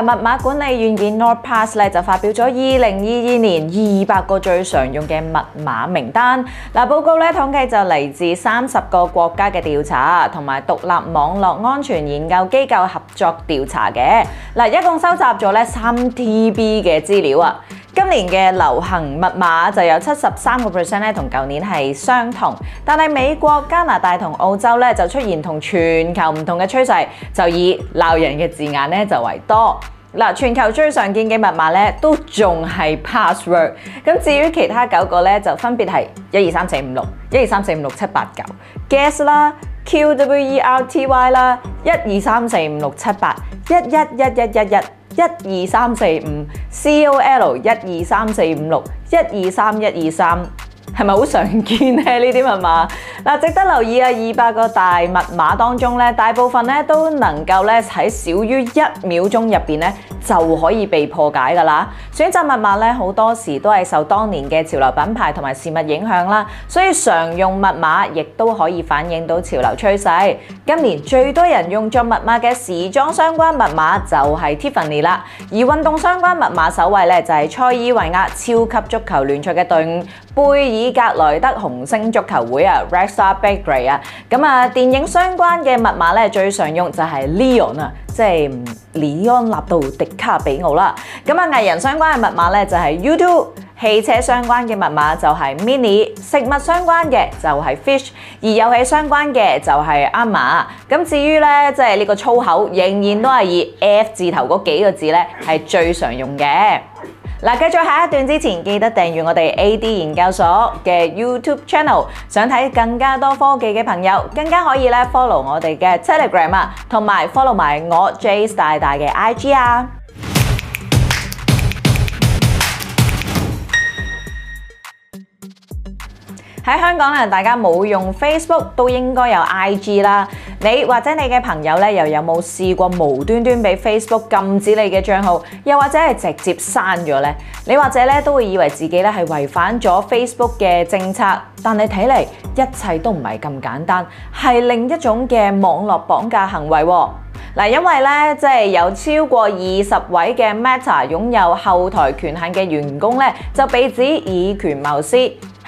密碼管理軟件 NordPass 咧就發表咗2022年200個最常用嘅密碼名單。嗱，報告咧統計就嚟自三十個國家嘅調查，同埋獨立網絡安全研究機構合作調查嘅。一共收集咗咧三 TB 嘅資料啊！今年嘅流行密碼就有七十三個 percent 咧，同舊年係相同。但係美國、加拿大同澳洲咧就出現同全球唔同嘅趨勢，就以鬧人嘅字眼咧就為多。嗱，全球最常見嘅密碼咧都仲係 password。咁至於其他九個咧，就分別係一二三四五六、一二三四五六七八九、guess 啦、QWERTY 啦、一二三四五六七八、一一一一一一。一二三四五，COL 一二三四五六，一二三，一二三。係咪好常見呢？呢啲密碼嗱，值得留意啊！二百個大密碼當中咧，大部分咧都能夠咧喺少於一秒鐘入邊咧就可以被破解噶啦。選擇密碼咧，好多時都係受當年嘅潮流品牌同埋事物影響啦，所以常用密碼亦都可以反映到潮流趨勢。今年最多人用作密碼嘅時裝相關密碼就係 Tiffany 啦，而運動相關密碼首位咧就係塞爾維亞超級足球聯賽嘅隊伍貝爾。格萊德紅星足球會啊，Red Star Belgrade 啊，咁啊，電影相關嘅密碼咧最常用就係 Leon 啊，即係 Leon 納到迪卡比奧啦。咁啊，藝人相關嘅密碼咧就係、是、YouTube，汽車相關嘅密碼就係 Mini，食物相關嘅就係 Fish，而遊戲相關嘅就係 Amma。咁至於咧，即係呢個粗口，仍然都係以 F 字頭嗰幾個字咧係最常用嘅。嗱，繼續下一段之前，記得訂閱我哋 AD 研究所嘅 YouTube channel。想睇更加多科技嘅朋友，更加可以咧 follow 我哋嘅 Telegram 啊，同埋 follow 埋我 Jace 大大嘅 IG 啊。喺香港大家冇用 Facebook 都應該有 IG 啦。你或者你嘅朋友咧，又有冇試過無端端俾 Facebook 禁止你嘅帳號，又或者係直接刪咗呢？你或者咧都會以為自己咧係違反咗 Facebook 嘅政策，但係睇嚟一切都唔係咁簡單，係另一種嘅網絡綁架行為。嗱，因為咧即係有超過二十位嘅 Meta 擁有後台權限嘅員工咧，就被指以權謀私。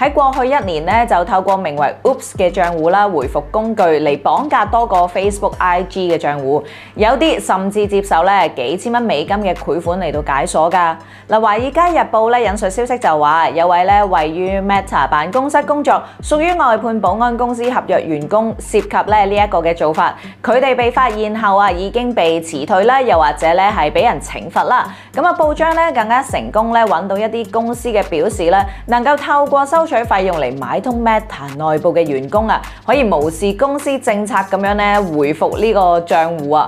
喺過去一年咧，就透過名為 Oops 嘅賬戶啦，回復工具嚟綁架多個 Facebook、IG 嘅賬戶，有啲甚至接受咧幾千蚊美金嘅賄款嚟到解鎖噶。嗱，《華爾街日報》咧引述消息就話，有位咧位於 Meta 辦公室工作，屬於外判保安公司合約員工，涉及咧呢一個嘅做法。佢哋被發現後啊，已經被辭退啦，又或者咧係俾人懲罰啦。咁啊，報章咧更加成功咧揾到一啲公司嘅表示咧，能夠透過收。取費用嚟買通 Meta 內部嘅員工啊，可以無視公司政策咁樣咧回復呢個賬戶啊。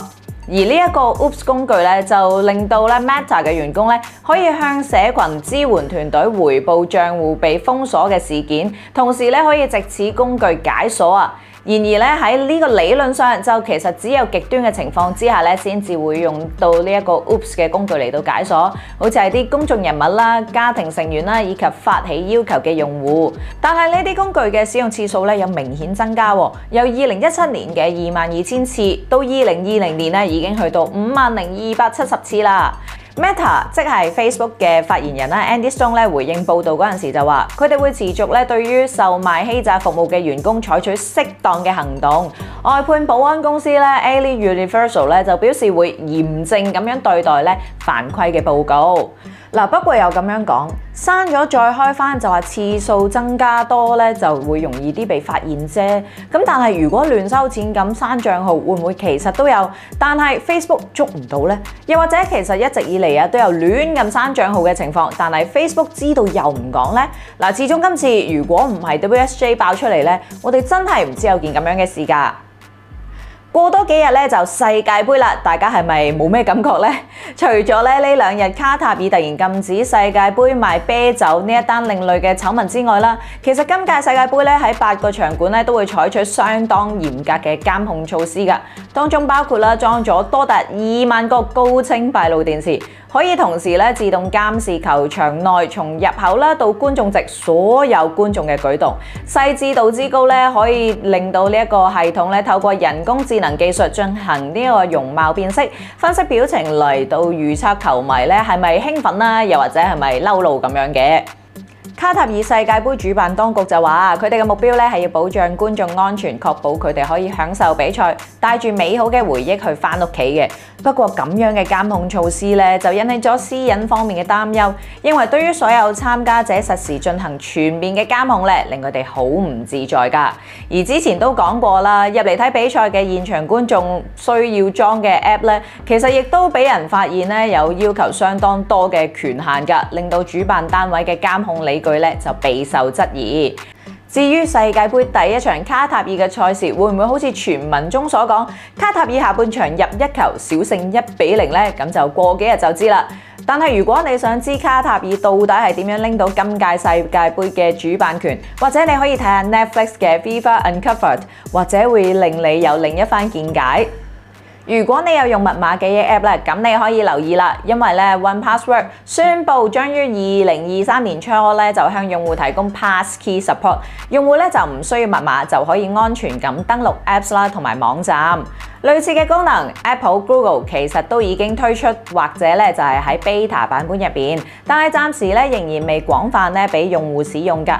而呢一個 Oops 工具咧，就令到咧 Meta 嘅員工咧可以向社羣支援團隊回報賬戶被封鎖嘅事件，同時咧可以藉此工具解鎖啊。然而在喺呢個理論上，就其實只有極端嘅情況之下才先至會用到呢個個 Oops 嘅工具嚟到解鎖，好似係啲公眾人物啦、家庭成員啦以及發起要求嘅用戶。但係呢啲工具嘅使用次數有明顯增加，由二零一七年嘅二萬二千次到二零二零年已經去到五萬零二百七十次啦。Meta 即係 Facebook 嘅發言人 Andy Stone 回應報道嗰時候就話：佢哋會持續咧對於售賣欺詐服務嘅員工採取適當嘅行動。外判保安公司 Alien Universal 就表示會嚴正咁樣對待咧犯規嘅報告。不過又咁樣講。刪咗再開翻就話次數增加多咧就會容易啲被發現啫。咁但係如果亂收錢咁刪賬號會唔會其實都有？但係 Facebook 捉唔到咧？又或者其實一直以嚟啊都有亂咁刪賬號嘅情況，但係 Facebook 知道又唔講咧？嗱，始終今次如果唔係 WSJ 爆出嚟咧，我哋真係唔知有件咁樣嘅事噶。過多幾日咧就世界盃啦，大家係咪冇咩感覺呢？除咗咧呢兩日卡塔爾突然禁止世界盃賣啤酒呢一單另類嘅醜聞之外啦，其實今屆世界盃咧喺八個場館咧都會採取相當嚴格嘅監控措施㗎，當中包括啦裝咗多達二萬個高清閉路電視，可以同時咧自動監視球場內從入口啦到觀眾席所有觀眾嘅舉動，細緻度之高咧可以令到呢一個系統咧透過人工智能。技術進行呢個容貌辨識、分析表情嚟到預測球迷咧係咪興奮啦，又或者係咪嬲怒咁樣嘅。卡塔爾世界盃主辦當局就話佢哋嘅目標咧係要保障觀眾安全，確保佢哋可以享受比賽，帶住美好嘅回憶去翻屋企嘅。不過咁樣嘅監控措施咧，就引起咗私隱方面嘅擔憂，因為對於所有參加者實時進行全面嘅監控咧，令佢哋好唔自在噶。而之前都講過啦，入嚟睇比賽嘅現場觀眾需要裝嘅 app 咧，其實亦都俾人發現咧有要求相當多嘅權限噶，令到主辦單位嘅監控理句咧就備受質疑。至於世界盃第一場卡塔爾嘅賽事，會唔會好似傳聞中所講，卡塔爾下半場入一球小勝一比零呢？咁就過幾日就知啦。但係如果你想知卡塔爾到底係點樣拎到今屆世界盃嘅主辦權，或者你可以睇下 Netflix 嘅《Viva Uncovered》，或者會令你有另一番見解。如果你有用密碼記憶 app 咧，咁你可以留意啦，因為咧 1Password 宣布將於二零二三年初咧就向用戶提供 passkey support，用戶咧就唔需要密碼就可以安全咁登錄 apps 啦同埋網站。類似嘅功能，Apple、Google 其實都已經推出或者咧就係喺 beta 版本入邊，但係暫時咧仍然未廣泛咧俾用戶使用噶。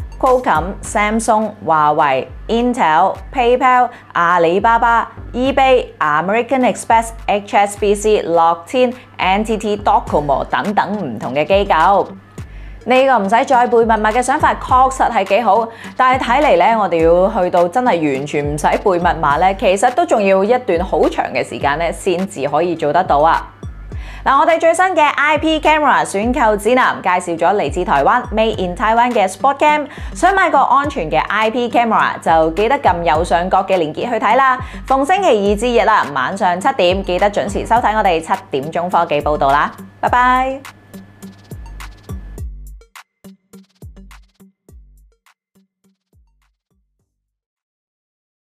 酷鰲、um, Samsung、華為、Intel、PayPal、阿里巴巴、eBay、American Express HS BC, Lock、HSBC、樂天、NTT Docomo 等等唔同嘅機構，呢、呢個唔使再背密碼嘅想法確實係幾好，但係睇嚟咧，我哋要去到真係完全唔使背密碼咧，其實都仲要一段好長嘅時間咧，先至可以做得到啊！我哋最新嘅 IP camera 選購指南介紹咗嚟自台灣 Made in Taiwan 嘅 SportCam。想買個安全嘅 IP camera，就記得撳右上角嘅連結去睇啦。逢星期二至日啦，晚上七點記得準時收睇我哋七點鐘科技報道啦。拜拜。